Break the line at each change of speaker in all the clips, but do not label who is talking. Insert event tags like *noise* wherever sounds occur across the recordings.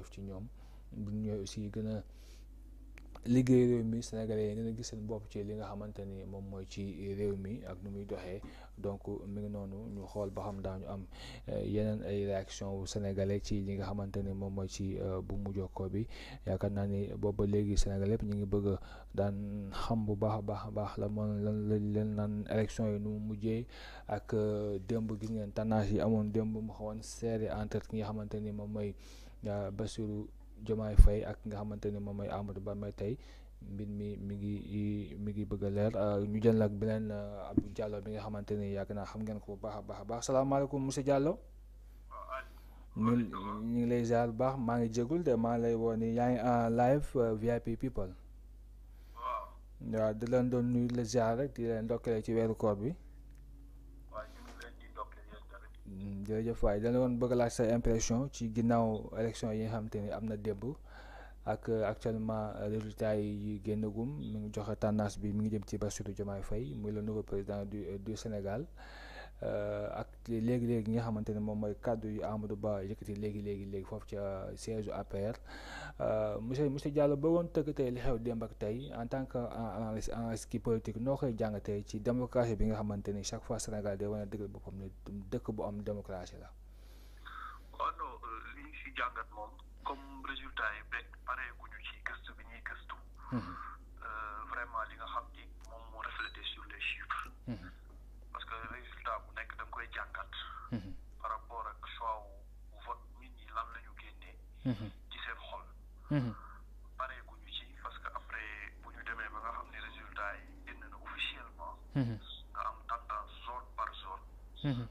oyof ci ñoom bu ñu si aussi a liggéey réew mi Sénégalais yi gën a gis bopp ci li nga xamante ni moom mooy ci réew mi ak nu muy doxee donc mu ngi noonu ñu xool ba xam daañu am eh, yeneen ay réaction wu Sénégalais ci li nga xamante ni moom mooy ci eh, bu mu jokkoo bi yaakaar naa ni booba léegi Sénégalais yëpp ñu ngi bëgg daan xam bu baax baax a baax la moon la lañ leen naan élection yi nu mu mujjee ak eh, démb gis ngeen tannage yi amoon démb mu xawoon serré entre ki nga xamante Bassirou Diomaye Faye ak nga xamante ne moom mooy Amadou Ba mais tey mbir mi mi ngi mi ngi bëgg a leer ah, ñu jël ak beneen ah, ab Diallo bi nga xamante ne yàgg naa xam ngeen ko bu baax a baax a baax salaamaaleykum monsieur Diallo ñu ngi lay ziar bu baax maa ngi jégul de maa ngi lay woo ni yaa ngi en live euh, VIP people waaw di leen doon nuyu la ziar rek di leen ndokkale ci weeru koor bi. jërëjëf waaye dana woon bëgg laaj sa impression ci ginnaaw élection yi nga xamante ni am na démb ak euh, actuellement euh, résultat yi génnagum mu ngi joxe tendance bi mi ngi jëm ci Bassirou Diomaye fay muy la nouveau président du euh, du Sénégal. Euh, ak léegi léegi nga xamante ne moom mooy kàddu yu Amadou Ba yëkkati léegi léegi léegi foofu ca siège u APR euh, monsieur monsieur Diallo ba woon tëgg tey li xew démb ak tey en tant que analyste analyste kii politique noo koy jàngatee ci démocratie bi nga xamante ni chaque fois Sénégal day wane dëgg boppam ne dëkk bu am démocratie la. waaw oh non
euh, li ñu si jàngat moom comme résultat yi beeg pareeguñu ci gëstu bi ñuy gëstu.
Mm-hmm.
ci seen xol. Mhm.
pareeguñu ci parce que après bu ñu demee ba nga xam ne résultat yi génn na officiellement. Mhm. nga am tendance zone par zone. Mhm.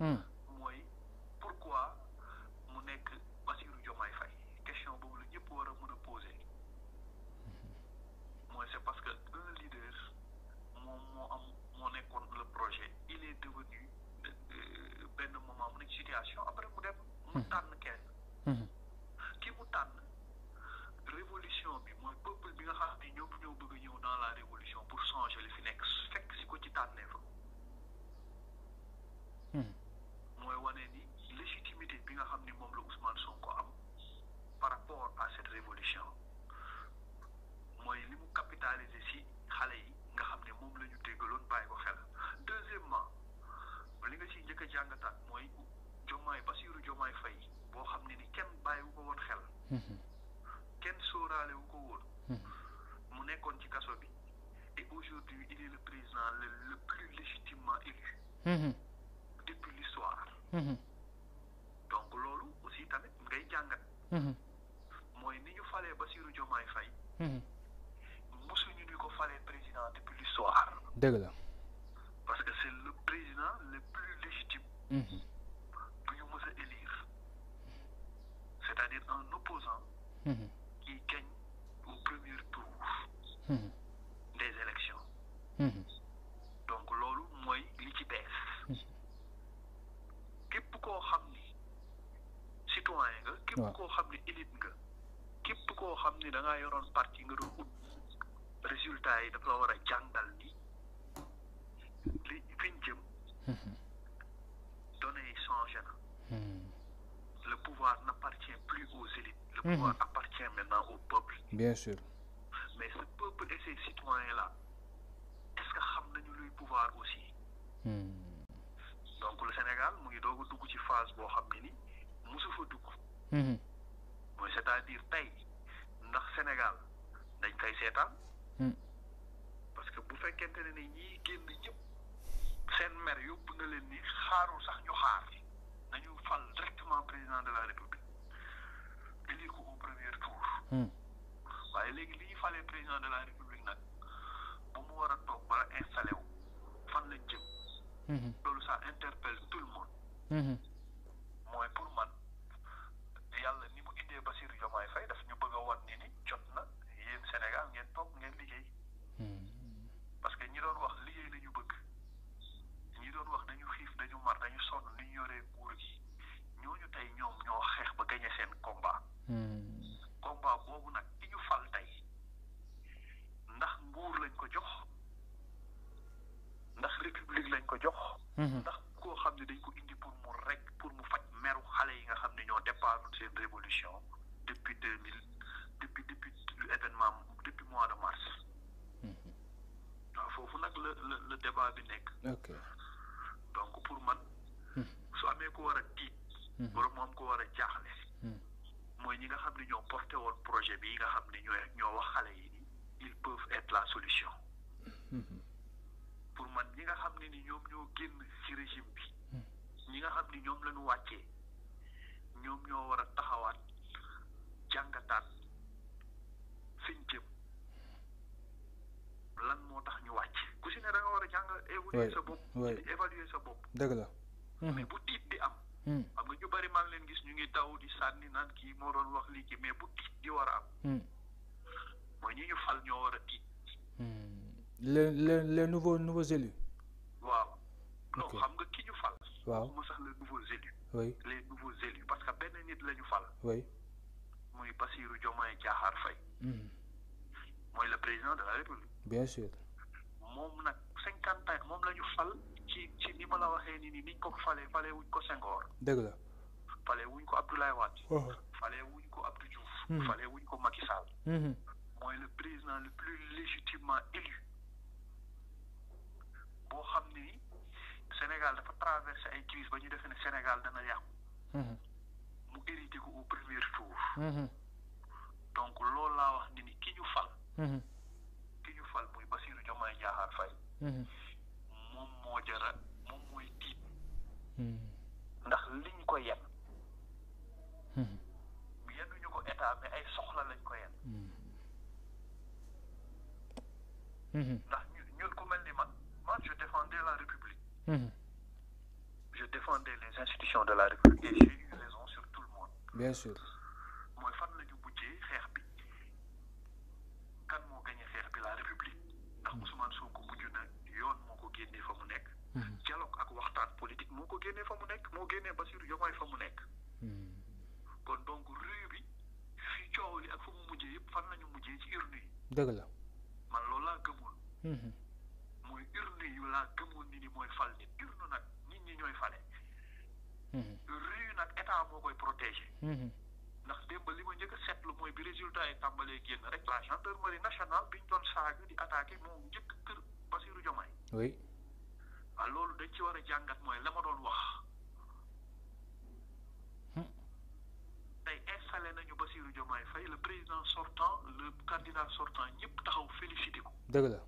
Mm. Mhm. depuis l'histoire mhm. donc loolu aussi
tamit ngay jàngat mhm. mooy ni ñu falee Bassirou Diomaye Faye mosuñu ñu ko falee président depuis l'histoire dëgg la sûr mais ce
peuple et ces citoyens là est-ce que nous avons le pouvoir aussi hmm. donc le Sénégal nous avons phase pour xam ni
hmm. c'est-à-dire le Sénégal dañ
hmm. parce que si vous ni sen mer na leen ni sax ñu directement président de la République ko au premier tour waaye léegi li ñu falee président
de la république nag bu mu war a toog wala installé wu fan lañ jëm. Mhm. loolu
ça interpelle
tout le monde.
Mhm.
mooy pour man yàlla ni mu indee Bassirou Diomaye Faye daf ñu bëgg a wan ni ni jot na yéen Sénégal ngeen toog ngeen liggéey. Mhm. parce que ñi doon wax liggéey la ñu bëgg ñi doon wax dañu xiif dañu mar dañu sonn ni ñu yoree nguur gi ñooñu tey ñoom ñoo xeex ba gañe seen combat. combat boobu nag. ko jox ndax république lañ ko jox.
Mhm.
dëgg la. Hmm. mais bu tiit di am. Hmm. xam
nga ñu bari maa ngi leen gis ñu ngi daw di sànni naan kii moo doon wax lii kii mais bu tiit di war am. Hmm. mooy ñi ñu fal ñoo war a tiit.
les les les nouveaux nouveaux waaw non xam nga ki ñu fal. waaw mu
sax les nouveaux élus. oui les nouveaux élus parce que benn nit la ñu fal. oui muy Bassirou Diomaye Diakhar Faye. mooy le président de la république. bien sûr. moom nag cinquante ans moom lañu ñu fal ci ni ma la waxee ni ni niñ ko fale fale wuñ ko Senghor. dëgg la. fale wuñ ko Abdoulaye Wade. Uh-huh. fale wuñ ko Abdou Diouf. Hmm. fale wuñ ko Macky Sall. Hmm. mooy le président le plus légitimement élu boo xam ni Sénégal dafa traversé ay crise ba ñu defee ne Sénégal dana yàqu. Hmm. mu hérité ko au premier
tour.
donc loolu laa wax ni ni ki ñu fal.
ki
ñu fal muy Bassirou Diomaye Diakhar Faye. moo jëra moom mooy tiit hmm. ndax liñ ñu ko yen hmm. yenuñu ko état mais ay soxla lañ ko yen
hmm. ndax ñun ku mel ni
man man je défendais la république je défendais les institutions de la république et j'ai eu raison sur
tout le monde bien sûr mooy fan lañu mujjee xeex bi kan moo gagné
xeex bi la république ndax Ousmane Sonko gene fa mu nekk. Hmm. dialogue ak
waxtaan politique moo ko génnee fa mu nekk moo génnee Bassirou Diomaye fa mu nekk. Hmm. kon donc rue bi fi coow li ak fa mu
mujjee yëpp fan lañu mujjee ci urne yi. dëgg la
man loolu laa gëmoon. Hmm. mooy urne yi laa gëmoon nit ni mooy fal nit urne nag nit ñi ñooy fale.
rue
nag état moo koy protégé.
ndax
démb li ma njëkk a seetlu mooy bi résultat yi tàmbalee génn rek la gendarmerie nationale bi ñu doon saaga di attaqué moom njëkk kër Bassirou
Diomaye.
waaw loolu dañ ci war a jàngat mooy la ma doon wax hmm. tey installé nañu Bassirou Diomaye fay le président sortant le candidat sortant ñëpp taxaw félicité ko. dëgg la.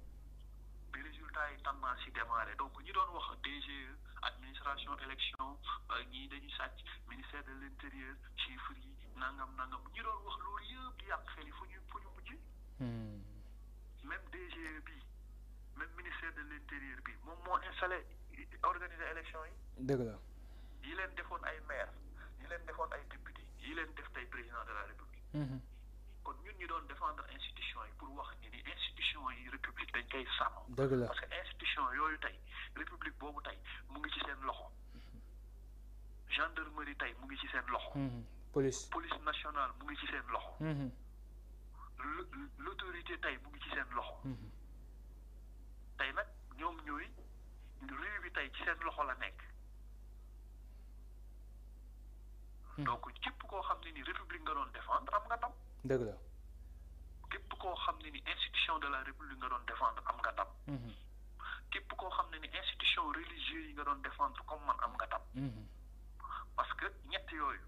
bi résultat yi tendance yi démarré donc ñi doon wax DGE administration élection euh, ñii dañuy sàcc ministère de l' intérieur chiffres yi nangam nangam ñi doon wax loolu yëpp di yàq xel yi fu ñu fu ñu mujj. Hmm. même DGE bi même ministère de l'intérieur bi moom moo installé organiser élection yi. dëgg la. yi leen defoon ay maire yi leen defoon ay député yi leen def tey président de la république. Mhm. kon ñun ñu doon défendre institution yi pour wax ni ni institution yi république dañ koy sàmm. parce que institution yooyu tey république boobu tey mu ngi ci seen loxo gendarmerie tey mu ngi ci seen loxo.
Mhm. police police
nationale mu ngi ci seen loxo. Mhm. l'autorité tey mu ngi ci seen loxo. tey nag ñoom ñooy réew bi tey ci seen loxo la nekk hmm. donc képp koo xam ne ni république nga doon défendre am nga ndam dëgg la képp koo xam ne ni institution de la république nga doon défendre am nga ndam hmm. képp koo xam ne ni institution religieux yi nga doon défendre comme man am nga ndam hmm. parce que ñett yooyu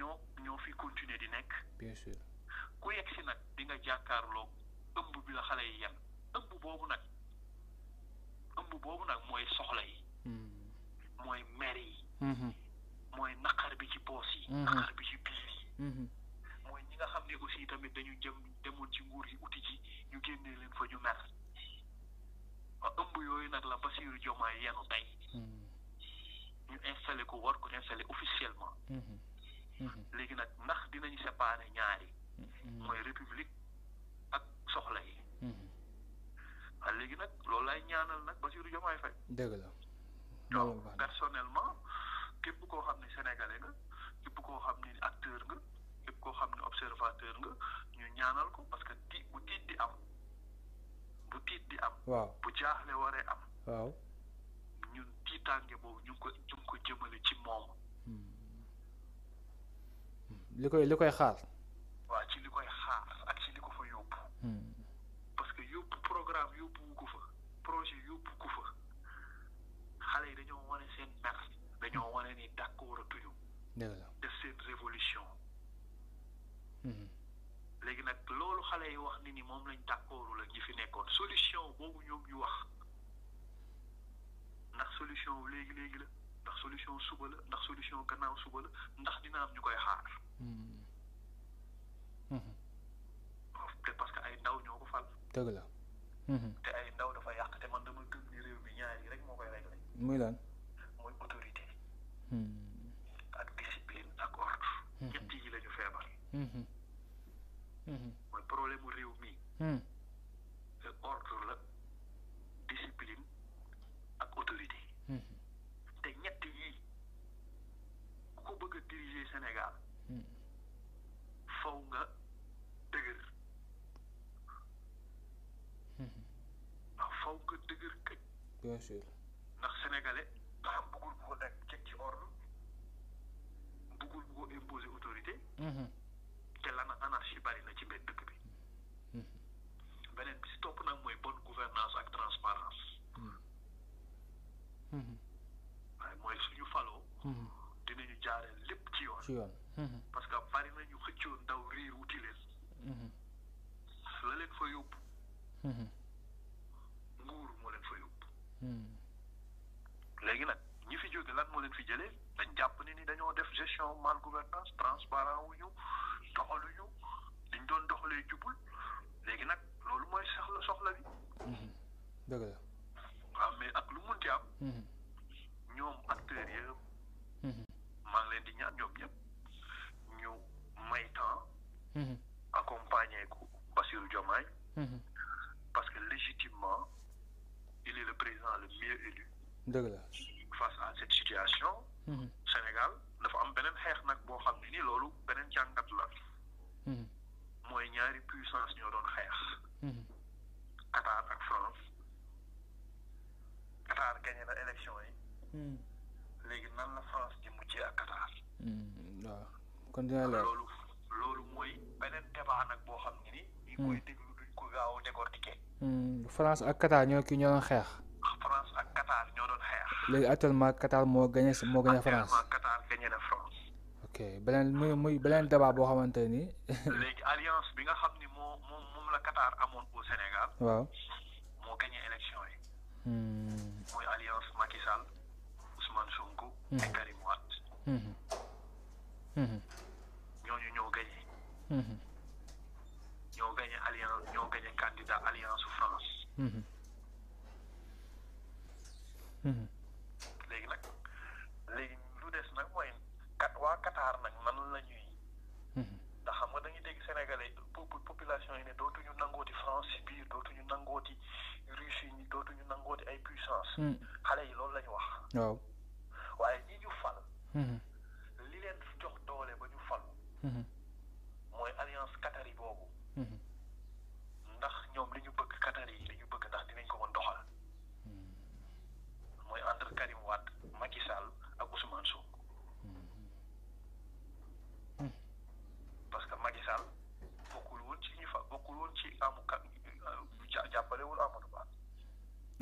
ñoo ñoo fi continuer di nekk bien sûr ku yegg si nag di nga jàkkaarloo ëmb bi la xale yi yenn ëmb boobu nag ëmb boobu nag mooy soxla yi hmm. mooy mer yi hmm. mooy naqar bi ci
poos yi hmm. naqar bi ci biir yi mooy ñi nga xam ne
aussi tamit dañu jëm demoon ci nguur yi uti ci ñu génnee leen fa ñu mer waaw ëmb yooyu nag la Bassirou Diomaye yenu tey ñu installé ko war ko installé officiellement léegi nag ndax dinañu séparé ñaari mooy république ak soxla yi ah léegi nag loolu lay ñaanal nag Bassirou Diomaye Faye.
dëgg la.
personnellement képp koo xam ni sénégalais nga képp koo xam ni acteur nga képp koo xam ne observateur nga ñu ñaanal ko parce que ti bu tiit di am
bu tiit di am. waaw
bu jaaxle waree
am. waaw ñun tiitaange boobu ñu ngi ko ñu ko jëmale ci moom. Hmm. Hmm. li koy li koy xaar. waaw ci li koy xaar ak ci li ko fa yóbbu. Hmm.
programme yóbbuwu ko fa projet yóbbu ko fa xale yi dañoo wane seen mer dañoo wane ni d'accord tuñu def seen révolution
mhm. léegi nag
loolu xale yi wax ni nii moom lañ d'accordu la ñi fi nekkoon solution boobu ñoom ñu wax ndax solution léegi léegi la ndax solution suba la ndax solution gannaaw suba la ndax dina am ñu koy xaar
mhm. Mhm.
te parce ay ndaw ñoo ko fal
dëgg la Mhm.
te ay ndaw dafa yàq te man dama gëm ni réew bi ñaar yi rek moo koy réglé. muy lan mooy autorité.
Hmm. ak discipline ak ordre. Mhm. ñett
yi la ñu feebar. Mhm. mooy problème mu réew mi.
Hmm. bien sûr
ndax sénégalais *coughs* buggul bu ko nekk teg ci ordre buggul bu ko imposer autorité mhm. te lan anarchie bari na ci mbedd dëkk bi mhm. beneen bi si topp na mooy bonne gouvernance ak transparence
mhm. waaye mooy suñu faloo dinañu jaaree lépp ci yoon ci
mal gouvernance transparent wu ñu doxalu ñu liñ doon doxalee jubul léegi nag loolu mooy soxla soxla bi.
Mhm. dëgg la.
waaw mais ak lu munti am.
Mhm. ñoom acteurs yëpp. Mhm. maa ngi leen di ñaan ñoom ñëpp ñu may temps. accompagner ko Bassirou Diomaye.
parce que légitimement il est le président le mieux élu. dëgg la. face à cette situation. Sénégal. am benen xex nak bo xamni ni lolu benen jàngat la hmm moy ñaari puissance ñoo doon xex
hmm Qatar ak France Qatar
gagné la élection yi hmm léegi nan la France di mujjee ak Qatar hmm. waaw kon dina la lolu lolu moy benen débat nak bo xamni ne ni ñi hmm. koy déglu duñ ko gaaw décortiquer hmm France ak Qatar ñoo ki ñoo doon xeex France ak
Qatar ñoo doon xex
léegi actuellement Qatar moo gagné moo gagné France
Qatar gagné na France.
ok beneen muy muy beneen débat boo xamante ni. léegi *laughs*
alliance bi nga xam ni moo moom moom la Qatar amoon au Sénégal. waaw moo gagné élection yi.
Hmm. muy
alliance Macky Sall Ousmane Sonko. et hmm. Karim Wade. Hmm. ñooñu ñoo gagné. ñoo gagné alliance ñoo gagné candidat alliance France. dootuñu nangooti Russie ñi dootuñu nangooti ay puissance hmm. xale yi loolu la ñu wax waaw waaye ñi ñu fal hmm. li leen jox doole ba ñu fal hmm.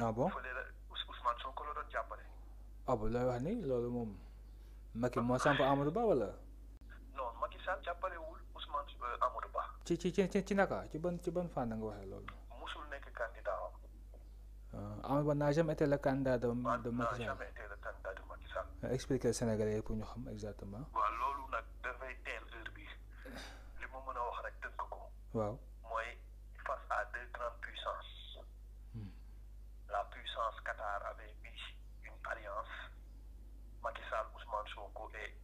ah bon fële la Ousmane eh, Sonko ah, ah, la doon jàppale.
ah bu lay wax ni loolu moom. Macky moo samp Amadou Ba wala. non Macky Sall jàppalewul Ousmane Amadou Ba. ci ci ci ci naka ci ban ci ban fànn nga waxee loolu.
musul nekk candidat
am. Amadou Ba n'a jamais été le candidat de de Macky expliquer Sénégalais yi pour ñu xam exactement. waaw loolu nag
dafay teel heure bi li ma mën a wax rek dënk ko. waaw. Qatar avait mis une alliance Macky Ousmane Sonko et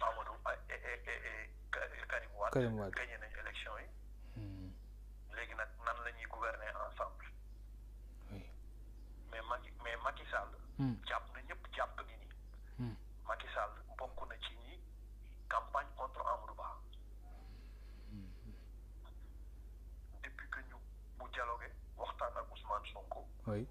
Amadou et, gagné l'élection hmm.
ensemble. mais mais Macky Sall.
Hmm. Hmm.
Macky Sall campagne contre Amadou depuis que nous avons dialogué Ousmane Sonko.
Oui.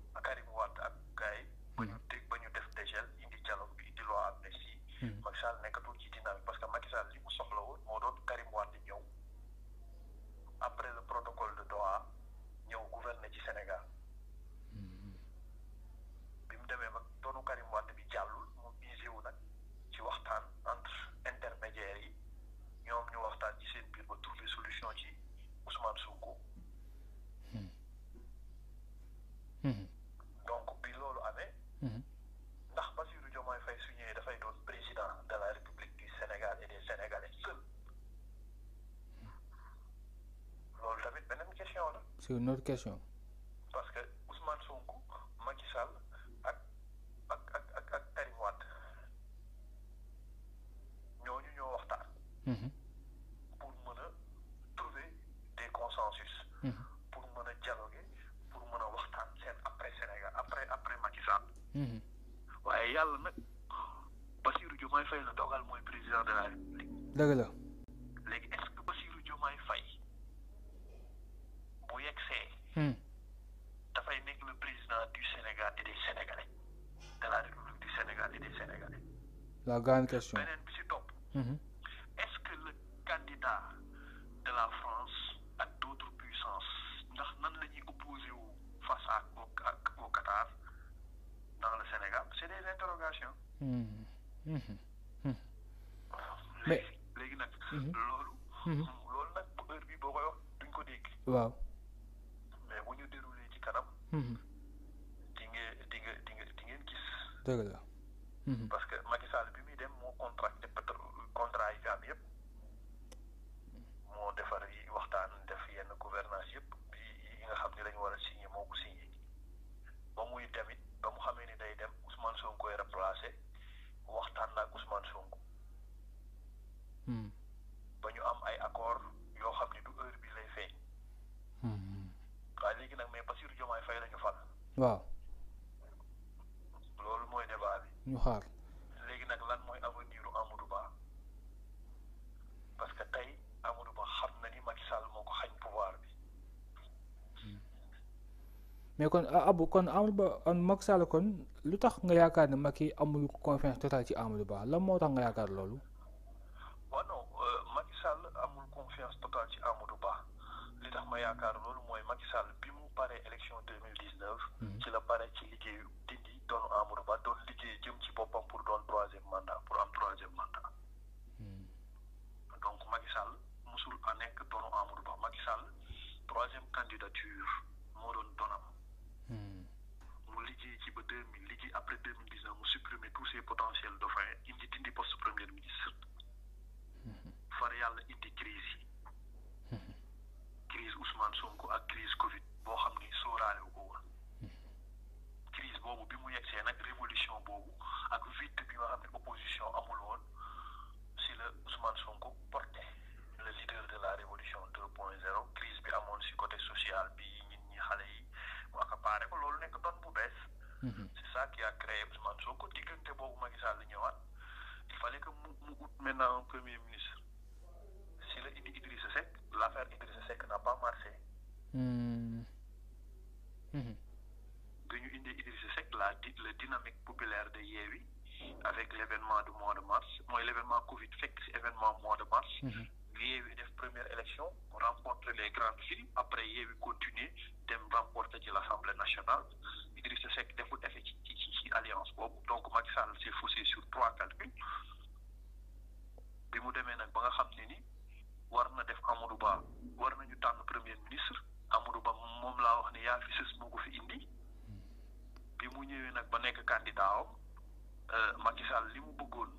sur notre question.
parce que Ousmane Sonko Macky Sall ak ak ak ak ak Karim ñoo waxtaan. Mhm. pour mën a trouver
des consensus. Mhm. pour mën a dialoguer pour mën a waxtaan seen après Sénégal après après Macky Sall. Mhm. waaye yàlla nag Bassirou
Diomaye Faye la dogal mooy président de la République. dëgg la.
Hmm. dafay nekk le président du Sénégal et des Sénégalais de la République du Sénégal et des Sénégalais.
la grande question hmm. est-ce que
le candidat de la France a d'autres puissances ndax nan opposé face à au au Qatar dans le Sénégal c'est des interrogations.
Hmm. mais léegi nag. loolu.
loolu nag bu heure bi Hmm. di nga di nga di nga di ngeen gis. dëgg la. Hmm. parce que mais kon ah, abu kon Amadou Ba am mag saala kon lu tax nga yaakaar ne Macky amul confiance totale ci Amadou Ba lan moo tax nga yaakaar loolu.
Idrissa Seck deful effet ci ci ci alliance bobu donc Macky Sall s'est faussé sur trois calculs bi mu démé nak ba nga xamné ni war na def Amadou Ba war nañu tan premier ministre Amadou Ba mom la wax ni ya fi ses moko fi indi bi mu ñëwé nak ba nek candidat euh Macky Sall li mu bëggoon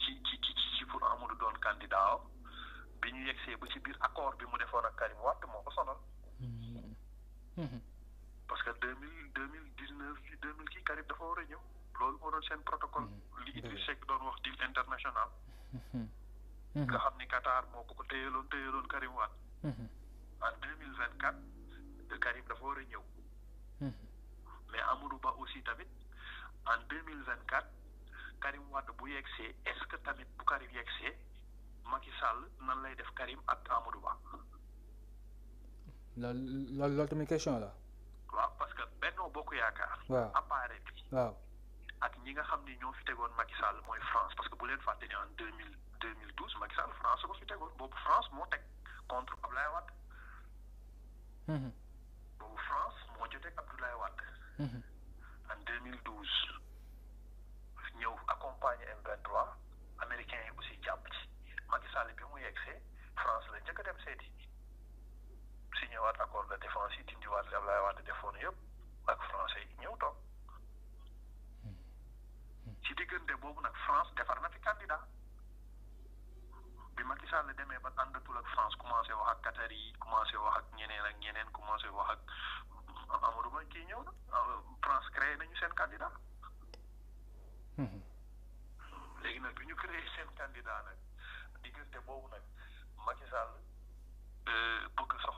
ci ci ci ci pour Amadou doon candidat bi ñu yexé ba ci bir accord bi mu defo nak Karim Wade moo sonal.
Hmm. Hmm.
parce que deux mille deux mille dix neuf deux mille kii Karim dafa war a ñëw loolu moo doon seen protocole. Mm-hmm. li Idriss mm-hmm. Seck doon wax deal international.
Mm-hmm. nga
xam ni Qatar moo ko ko téyeloon téyeloon Karim Wade.
en
deux mille vingt quatre Karim dafa war a ñëw. mais Amadou Ba aussi tamit en deux mille vingt quatre Karim Wade bu yegsee est-ce que tamit bu Karim yegsee Macky Sall nan lay def Karim ak Amadou Ba.
loolu loolu tamit question la.
waaw parce que Benno Bokk Yaakaar. waaw appareil bi.
waaw ak ñi nga xam ni ñoo fi tegoon Macky Sall mooy France parce que bu leen fàtte ni en
deux mille deux mille douze Macky France ko fi tegoon boobu France moo teg contre Abdoulaye Wade. Mhm.
boobu France moo jotee Abdoulaye Wade. Mhm. en deux mille douze ñëw accompagner M23 américains yi aussi jàpp ci Macky Sall bi mu yegsee France la njëkk a dem seeti. ñëwaat accord de défense yi dindiwaat li defoon yëpp ak français ñëw toog ci hmm. diggante boobu nag France defar na fi candidat bi Macky Sall demee ba àndatul ak France commencé wax ak Qatar yi commencé wax ak ñeneen ak ñeneen commencé wax ak Amadou Ba kii ñëw na euh, France créé nañu seen candidat. Hmm. léegi nag bi ñu créé seen candidat nag diggante boobu nag Macky
euh,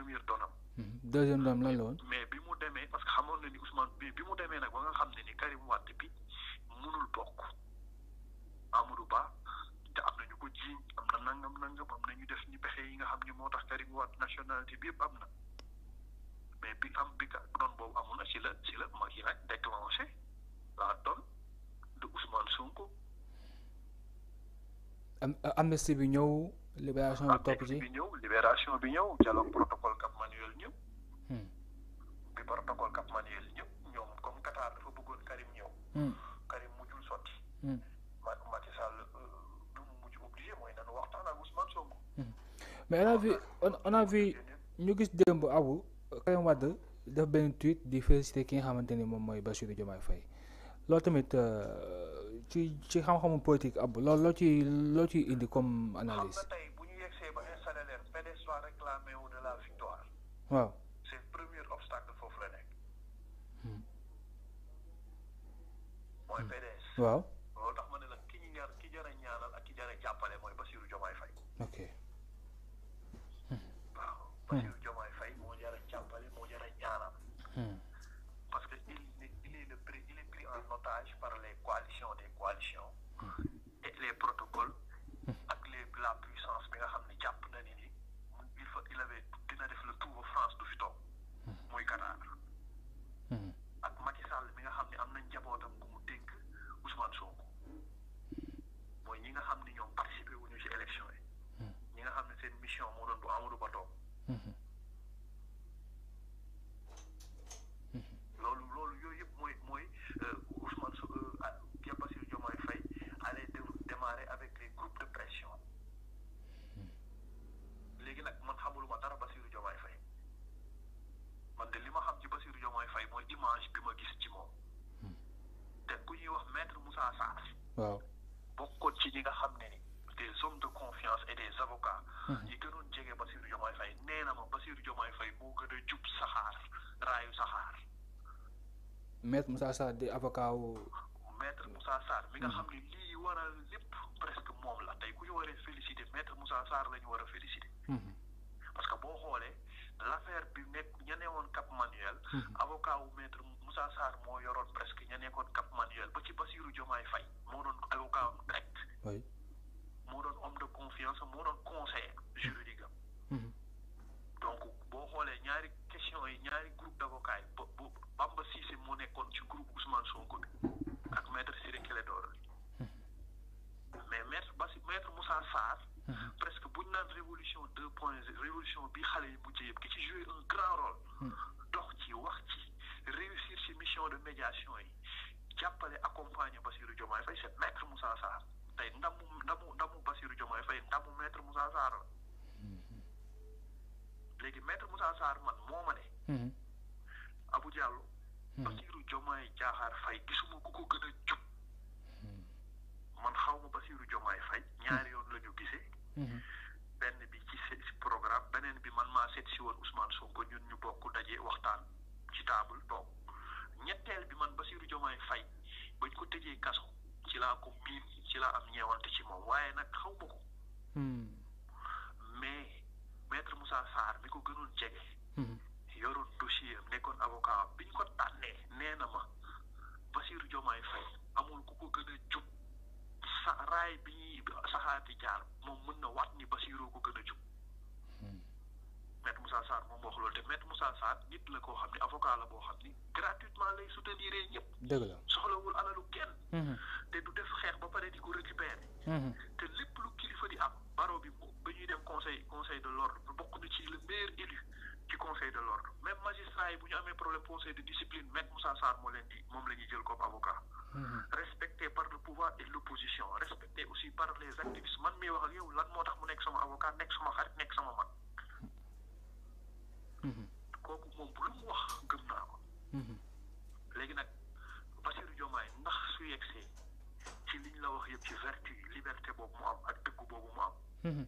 première doonam. Mhm. deuxième doonam lan la woon. mais bi mu demee parce que xamoon na ni Ousmane bi bi
mu demee nag ba nga xam ne ni Karim Wade bi munul bokk Amadou Ba te am na ñu ko jiiñ am na nangam nangam am na ñu def ñu pexe yi nga xam ni moo tax Karim Wade nationalité bi yëpp am na mais bi am bi ka doon boobu amoon na ci la ci la ma yi nag déclenché la donne de Ousmane Sonko.
am amnistie bi ñëw. libération ah, bi topp ci bi
ñëw libération bi Cap Manuel ñëw. Hmm. bi ñëw ñoom comme dafa bëggoon Karim ñëw.
Hmm. Hmm. Euh, mais on a ñu gis démb abu Karim Wade def benn tweet di féliciter ki nga xamante ni moom mooy ba Bassirou Diomaye Faye loolu tamit euh, ci ci xam-xamu politique ab loolu loo ci loo ciy indi comme analyse waaw seen premier obstacle foofu la nekk. Hmm. mooy PDS. waaw
loolu tax ma ne la ki ñu ñaar ki jar a ñaanal ak ki jar a jàppale mooy ba Diomaye Faye. ok. Hmm. Hmm. waaw Bassirou Kara hmm. ak Macky Sall mi nga xam ne am na
njabootam ku mu dénk Ousmane Sonko mooy ñi nga xam ne ñoom participé wuñu ci élection yi hmm. ñi nga xam ne seen mission moo doon bu Amadou Ba toog hmm.
waaw bokkoon ci ñi nga xam ne des hommes de confiance et des avocats. yi hmm. gënoon jege Bassirou Diomaye Faye nee na ma Bassirou Diomaye Faye moo gën a jub saxaar raayu saxaar.
maître Moussa Sarr di avocat wu. maître Moussa mi nga hmm. xam ne lii waral lépp presque moom la tey ku ñu waree féliciter
maître Moussa sar lañu ñu war a féliciter. Hmm. parce que boo xoolee l'affaire bi nekk ña Cap
Manuel. avocat wu Moussa Sarr moo yoroon presque ña nekkoon Cap Manuel ba ci Bassirou Diomaye Fay moo doon avocat am direct. oui moo doon homme de confiance moo doon conseil juridique am. Mmh. Mmh. donc boo xoolee ñaari question yi ñaari groupe d' avocats yi ba ba Bamba Cissé moo nekkoon ci groupe Ousmane Sonko bi ak maître Ciré Clédor Ly mmh. mais maître Bassi maître Moussa Sarr. presque buñ ñu naan révolution deux point révolution bi xale yi mujjee yëpp ki ci joué un grand rôle.
dox ci wax ci. réussir ces missions de médiation yi jàppale accompagner Bassirou Diomaye Faye c'est maître Moussa Sarr tey ndamu ndamu ndamu Bassirou Diomaye Faye ndamu maître Moussa Sarr la mm-hmm. léegi maître Moussa Sarr man moo ma ne mm-hmm. Abou Diallo mm-hmm. Bassirou Diomaye Diakhar Faye gisuma ku ko gën a
jub man xawma Bassirou Diomaye Faye ñaari yoon lañu gisee benn bi ci programme beneen bi man maa seet si woon Ousmane Sonko
ñun ñu bokk daje waxtaan ci table toog ñetteel bi man ba Bassirou Diomaye fay bañ ko tëjee kaso ci laa ko miin ci laa
am ñeewante ci moom waaye nag xaw ma ko hmm. Mm-hmm.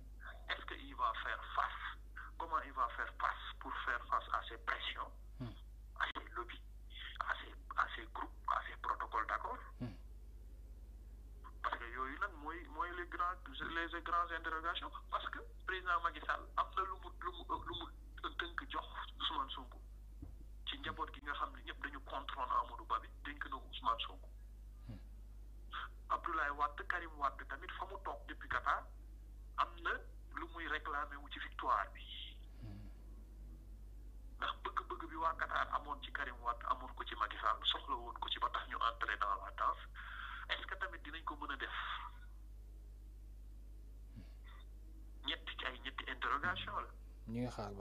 هم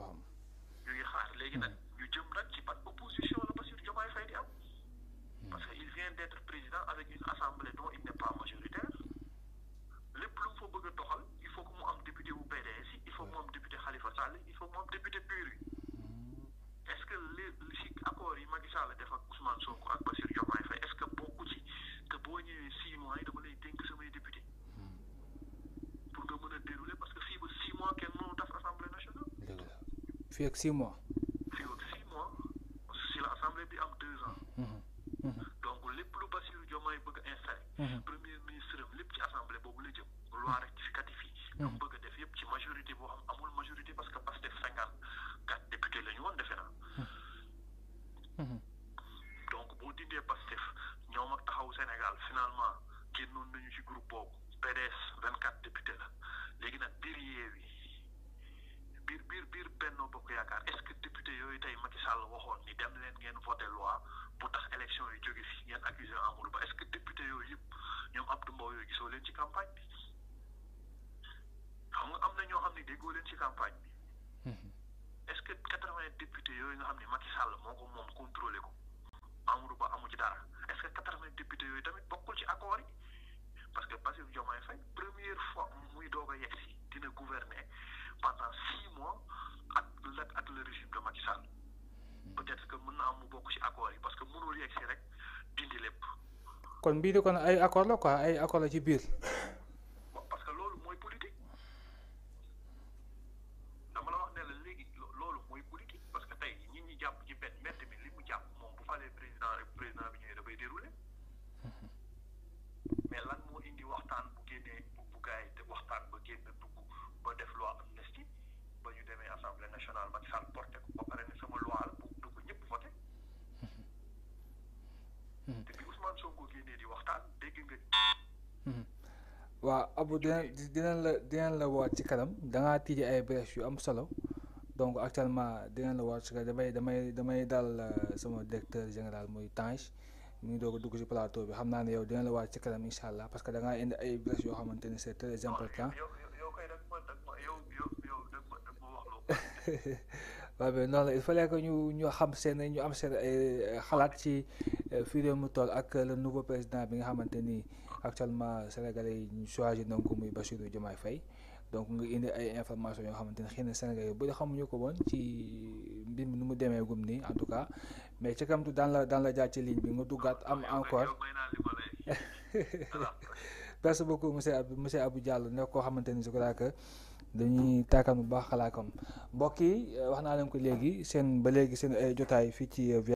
you more
a Amadou Ba est-ce que député yooyu yëpp ñoom Abdou Mbow yooyu gisoo leen ci campagne bi xam nga am na ñoo xam ne déggoo leen ci campagne bi. est-ce que quatre-vingts députés yooyu nga xam ne Macky Sall moo ko moom contrôlé ko Amadou Ba amu ci dara est-ce que quatre-vingts députés yooyu tamit bokkul ci accord yi parce que Bassirou Diomaye Faye première fois muy doog a yegg si dina gouverner pendant six mois ak la ak le régime de Macky Sall.
peut-être que mën na mu bokk ci accord yi parce que mënul yegg si rek dindi lépp. kon bii di kon ay accord la quoi ay accord la ci biir. parce que loolu mooy politique dama la wax ne
léegi loolu mooy politique parce que tey ñi ñi jàpp ci benn mbedd mi li mu jàpp moom bu falee président président bi ñëwee dafay déroulé *laughs* lan moo indi waxtaan bu génnee bu gaay te waxtaan ba génn dugg ba def loi amnistie ba ñu demee assemblée nationale Macky Sall porté ko ba pare ne sama loi la bu dugg ñëpp voté. *laughs* Hmm. génnee di waxtaan
dégg nga.
Hmm. waaw dina la dinañ la waat ci kanam da ngaa tijji ay brèche yu am solo donc actuellement dinañ la waat ci kanam damay damay damay daal euh, sama directeur général muy Tange ñu doog a dugg ci plateau bi xam naa ne yow dina la waat ci kanam incha allah parce que da ngaa indi ay brèche yoo xamante ne c'est très important. *laughs* waaw mais la il fallait que ñu ñu xam seen ñu am seen ay xalaat ci euh, fii mu toll ak le nouveau président bi nga xamante ni actuellement sénégalais yi ñu choisir donc muy Bassirou Diomaye Faye donc nga indi ay information yoo xamante ne xëy na Sénégal yi xamuñu ko woon ci mbir mi nu mu demee gum nii en tout cas mais ci kam tu daan la daan la jaar ci ligne bi nga duggaat am encore *laughs* merci beaucoup monsieur Abdou monsieur Abdou Diallo nekk koo xamante ni je crois que dañuy taataan bu baax xalaatam mbokk yi wax naa leen ko léegi seen ba léegi seen ay eh, jotaay fii ci eh,